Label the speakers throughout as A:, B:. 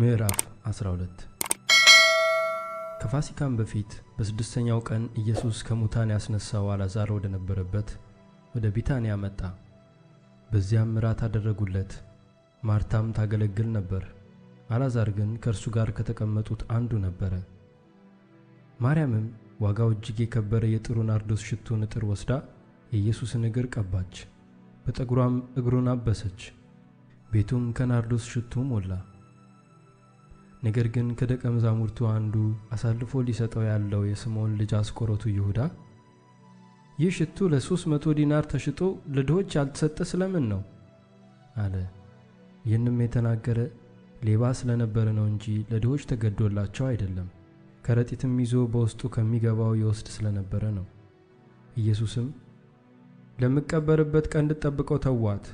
A: ምዕራፍ 12 ከፋሲካም በፊት በስድስተኛው ቀን ኢየሱስ ከሙታን ያስነሳው አልዓዛር ወደ ነበረበት ወደ ቢታንያ መጣ። በዚያም እራት አደረጉለት። ማርታም ታገለግል ነበር፣ አልዓዛር ግን ከእርሱ ጋር ከተቀመጡት አንዱ ነበረ። ማርያምም ዋጋው እጅግ የከበረ የጥሩ ናርዶስ ሽቱ ንጥር ወስዳ የኢየሱስን እግር ቀባች፣ በጠጉሯም እግሩን አበሰች። ቤቱም ከናርዶስ ሽቱ ሞላ። ነገር ግን ከደቀ መዛሙርቱ አንዱ አሳልፎ ሊሰጠው ያለው የስምዖን ልጅ አስቆሮቱ ይሁዳ ይህ ሽቱ ለሦስት መቶ ዲናር ተሽጦ ለድሆች ያልተሰጠ ስለምን ነው አለ። ይህንም የተናገረ ሌባ ስለነበረ ነው እንጂ ለድሆች ተገዶላቸው አይደለም። ከረጢትም ይዞ በውስጡ ከሚገባው ይወስድ ስለነበረ ነው። ኢየሱስም ለምቀበርበት ቀን ጠብቀው ተዋት፣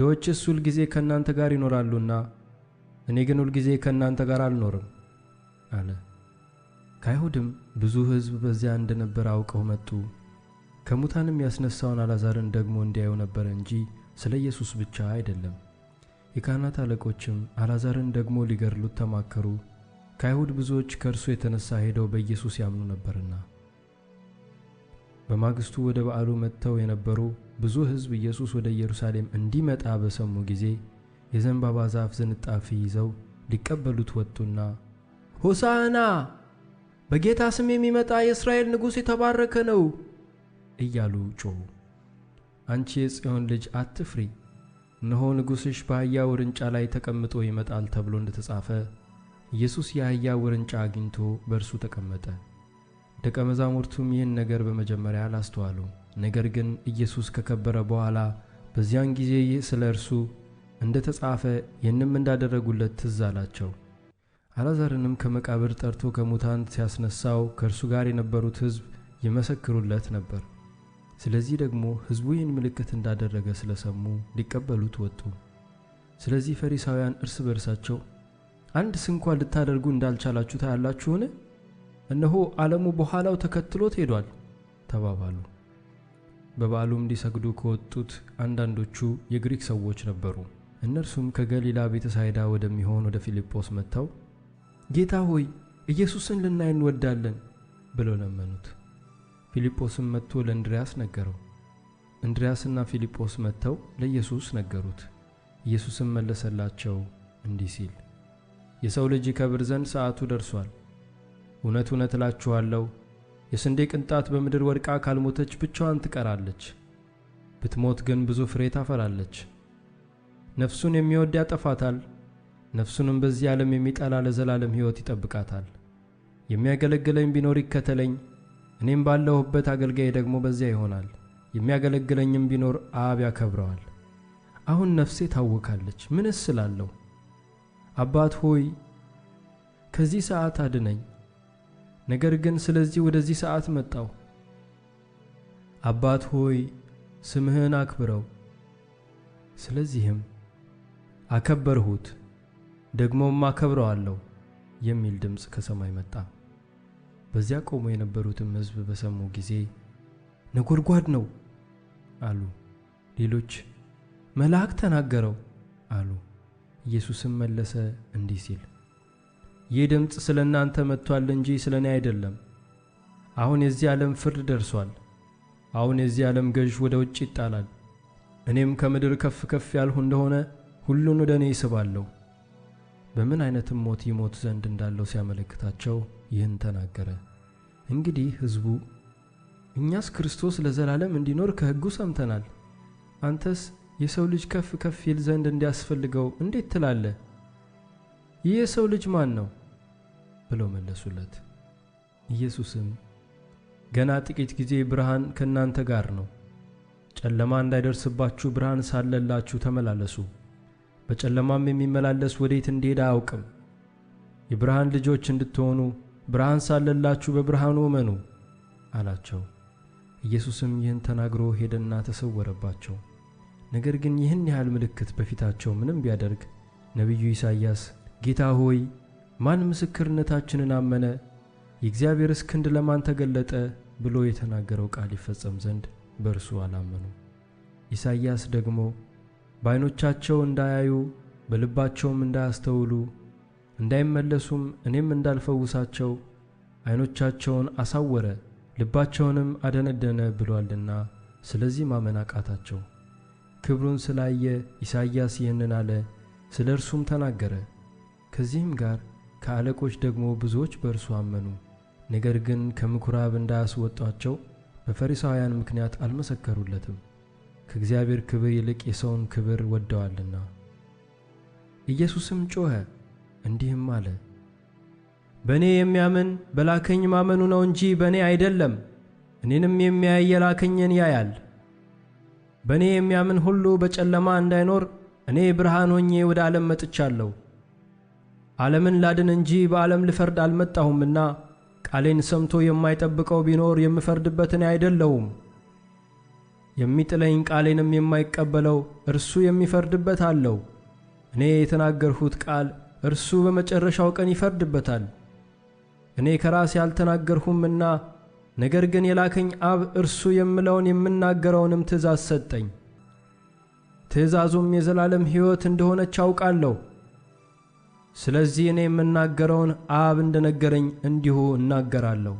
A: ድሆችስ ሁል ጊዜ ከእናንተ ጋር ይኖራሉና እኔ ግን ሁልጊዜ ከእናንተ ጋር አልኖርም አለ። ከአይሁድም ብዙ ሕዝብ በዚያ እንደነበር አውቀው መጡ። ከሙታንም ያስነሳውን አልዓዛርን ደግሞ እንዲያዩ ነበረ እንጂ ስለ ኢየሱስ ብቻ አይደለም። የካህናት አለቆችም አልዓዛርን ደግሞ ሊገድሉት ተማከሩ፣ ከአይሁድ ብዙዎች ከእርሱ የተነሳ ሄደው በኢየሱስ ያምኑ ነበርና። በማግስቱ ወደ በዓሉ መጥተው የነበሩ ብዙ ሕዝብ ኢየሱስ ወደ ኢየሩሳሌም እንዲመጣ በሰሙ ጊዜ የዘንባባ ዛፍ ዝንጣፊ ይዘው ሊቀበሉት ወጡና ሆሳዕና በጌታ ስም የሚመጣ የእስራኤል ንጉሥ የተባረከ ነው እያሉ ጮኹ። አንቺ የጽዮን ልጅ አትፍሪ፣ እነሆ ንጉሥሽ በአህያ ውርንጫ ላይ ተቀምጦ ይመጣል ተብሎ እንደተጻፈ ኢየሱስ የአህያ ውርንጫ አግኝቶ በእርሱ ተቀመጠ። ደቀ መዛሙርቱም ይህን ነገር በመጀመሪያ አላስተዋሉ። ነገር ግን ኢየሱስ ከከበረ በኋላ በዚያን ጊዜ ስለ እርሱ እንደ ተጻፈ ይህንም እንዳደረጉለት ትዝ አላቸው። ከመቃብር ጠርቶ ከሙታን ሲያስነሳው ከእርሱ ጋር የነበሩት ሕዝብ ይመሰክሩለት ነበር። ስለዚህ ደግሞ ሕዝቡ ይህን ምልክት እንዳደረገ ስለሰሙ ሊቀበሉት ወጡ። ስለዚህ ፈሪሳውያን እርስ በርሳቸው አንድ ስንኳ ልታደርጉ እንዳልቻላችሁ ታያላችሁን? እነሆ ዓለሙ በኋላው ተከትሎት ሄዷል ተባባሉ። በበዓሉም ሊሰግዱ ከወጡት አንዳንዶቹ የግሪክ ሰዎች ነበሩ። እነርሱም ከገሊላ ቤተ ሳይዳ ወደሚሆን ወደ ፊልጶስ መጥተው ጌታ ሆይ ኢየሱስን ልናይ እንወዳለን ብለው ለመኑት። ፊልጶስም መጥቶ ለእንድርያስ ነገረው። እንድርያስና ፊልጶስ መጥተው ለኢየሱስ ነገሩት። ኢየሱስም መለሰላቸው እንዲህ ሲል የሰው ልጅ ከብር ዘንድ ሰዓቱ ደርሷል። እውነት እውነት እላችኋለሁ የስንዴ ቅንጣት በምድር ወድቃ ካልሞተች ብቻዋን ትቀራለች፤ ብትሞት ግን ብዙ ፍሬ ታፈራለች። ነፍሱን የሚወድ ያጠፋታል፣ ነፍሱንም በዚህ ዓለም የሚጠላ ለዘላለም ሕይወት ይጠብቃታል። የሚያገለግለኝ ቢኖር ይከተለኝ፣ እኔም ባለሁበት አገልጋዬ ደግሞ በዚያ ይሆናል፣ የሚያገለግለኝም ቢኖር አብ ያከብረዋል። አሁን ነፍሴ ታወካለች፣ ምንስ እላለሁ? አባት ሆይ ከዚህ ሰዓት አድነኝ። ነገር ግን ስለዚህ ወደዚህ ሰዓት መጣሁ። አባት ሆይ ስምህን አክብረው። ስለዚህም አከበርሁት ደግሞም አከብረዋለሁ የሚል ድምፅ ከሰማይ መጣ። በዚያ ቆመው የነበሩትም ሕዝብ በሰሙ ጊዜ ነጎድጓድ ነው አሉ። ሌሎች መልአክ ተናገረው አሉ። ኢየሱስም መለሰ እንዲህ ሲል ይህ ድምፅ ስለ እናንተ መጥቷል እንጂ ስለ እኔ አይደለም። አሁን የዚህ ዓለም ፍርድ ደርሷል። አሁን የዚህ ዓለም ገዥ ወደ ውጭ ይጣላል። እኔም ከምድር ከፍ ከፍ ያልሁ እንደሆነ ሁሉን ወደ እኔ ይስባለሁ። በምን አይነት ሞት ይሞት ዘንድ እንዳለው ሲያመለክታቸው ይህን ተናገረ። እንግዲህ ሕዝቡ እኛስ ክርስቶስ ለዘላለም እንዲኖር ከሕጉ ሰምተናል፣ አንተስ የሰው ልጅ ከፍ ከፍ ይል ዘንድ እንዲያስፈልገው እንዴት ትላለህ? ይህ የሰው ልጅ ማን ነው? ብለው መለሱለት። ኢየሱስም ገና ጥቂት ጊዜ ብርሃን ከእናንተ ጋር ነው፣ ጨለማ እንዳይደርስባችሁ ብርሃን ሳለላችሁ ተመላለሱ በጨለማም የሚመላለስ ወዴት እንዲሄድ አያውቅም። የብርሃን ልጆች እንድትሆኑ ብርሃን ሳለላችሁ በብርሃኑ እመኑ አላቸው። ኢየሱስም ይህን ተናግሮ ሄደና ተሰወረባቸው። ነገር ግን ይህን ያህል ምልክት በፊታቸው ምንም ቢያደርግ ነቢዩ ኢሳይያስ ጌታ ሆይ ማን ምስክርነታችንን አመነ? የእግዚአብሔርስ ክንድ ለማን ተገለጠ? ብሎ የተናገረው ቃል ይፈጸም ዘንድ በእርሱ አላመኑ። ኢሳይያስ ደግሞ በዓይኖቻቸው እንዳያዩ በልባቸውም እንዳያስተውሉ እንዳይመለሱም እኔም እንዳልፈውሳቸው ዓይኖቻቸውን አሳወረ ልባቸውንም አደነደነ ብሏልና ስለዚህ ማመን አቃታቸው። ክብሩን ስላየ ኢሳይያስ ይህንን አለ፣ ስለ እርሱም ተናገረ። ከዚህም ጋር ከአለቆች ደግሞ ብዙዎች በእርሱ አመኑ፣ ነገር ግን ከምኵራብ እንዳያስወጧቸው በፈሪሳውያን ምክንያት አልመሰከሩለትም። ከእግዚአብሔር ክብር ይልቅ የሰውን ክብር ወደዋልና። ኢየሱስም ጮኸ እንዲህም አለ፣ በእኔ የሚያምን በላከኝ ማመኑ ነው እንጂ በእኔ አይደለም። እኔንም የሚያይ የላከኝን ያያል። በእኔ የሚያምን ሁሉ በጨለማ እንዳይኖር እኔ ብርሃን ሆኜ ወደ ዓለም መጥቻለሁ። ዓለምን ላድን እንጂ በዓለም ልፈርድ አልመጣሁምና፣ ቃሌን ሰምቶ የማይጠብቀው ቢኖር የምፈርድበት እኔ አይደለሁም። የሚጥለኝ ቃሌንም የማይቀበለው እርሱ የሚፈርድበት አለው። እኔ የተናገርሁት ቃል እርሱ በመጨረሻው ቀን ይፈርድበታል። እኔ ከራሴ አልተናገርሁምና፣ ነገር ግን የላከኝ አብ እርሱ የምለውን የምናገረውንም ትእዛዝ ሰጠኝ። ትእዛዙም የዘላለም ሕይወት እንደሆነች አውቃለሁ። ስለዚህ እኔ የምናገረውን አብ እንደነገረኝ እንዲሁ እናገራለሁ።